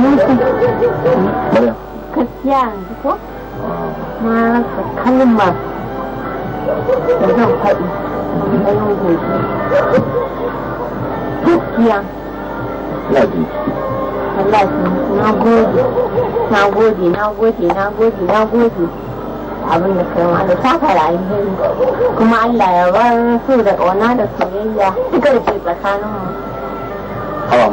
Maryam. Gaskiya yanzu ko? Na da zan faɗi Gaskiya. Na na gode. Na gode, na gode, na gode, na gode. abin da kai ma da safara alheri kuma Allah ya bar so da ƙauna da soyayya duka da ke tsakaninmu. Hawa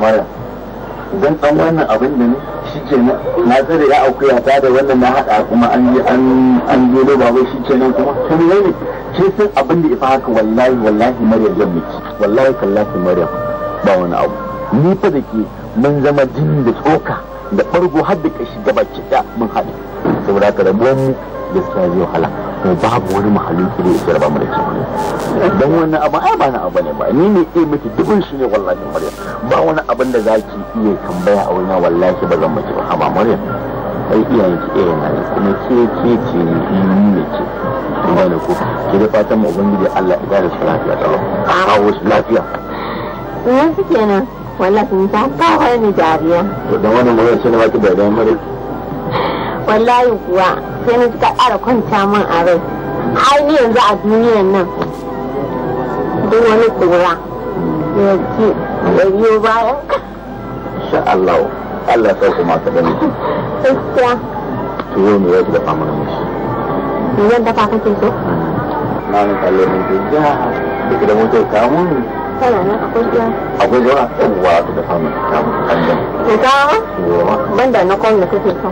don an wannan abin da ne shi ke nan na tsare ya akuya ta da wannan na haɗa kuma an yi an gero ba wai shi ke nan kuma kan yi ne ke san abin da ifa haka wallahi wallahi maryam zan miki wallahi kallafi maryam ba wani abu ni fa da ke mun zama jin da tsoka da ɓargo har da kashi gaba kiɗa mun haɗu saboda ka rabuwar mu gaskiya zai wahala kuma babu wani mahaluki da ya ba mara da ke don wani abu ai ba na abu ne ba ni ne ke mace dubin shi ne wallahi maryam ba wani abin da zaki iya tambaya a wani wallahi ba zan mace ba ba maryam ai iyayen ki iyayen na kuma ke ke ce ni ne ce kun gane ko ke da fatan mu ubangiji Allah ya da su lafiya tsaro a wasu lafiya Yanzu kenan, wallahi sun ta kawai ni jariya. To da wani mura ce na baki da idan mura wallahi kuwa sai na ta ƙara kwanta min a rai har yanzu a duniyan nan duk wani tsora ya ce da biyo bayan sha Allah Allah sai kuma ka gani gaskiya to yau ne ji da fama mishi me zan dafa so na ni kalle mun ji ja duk da mutum ta mun a nan akwai iya akwai zuwa a da fama ta mun kan da ban da na kwan da kake so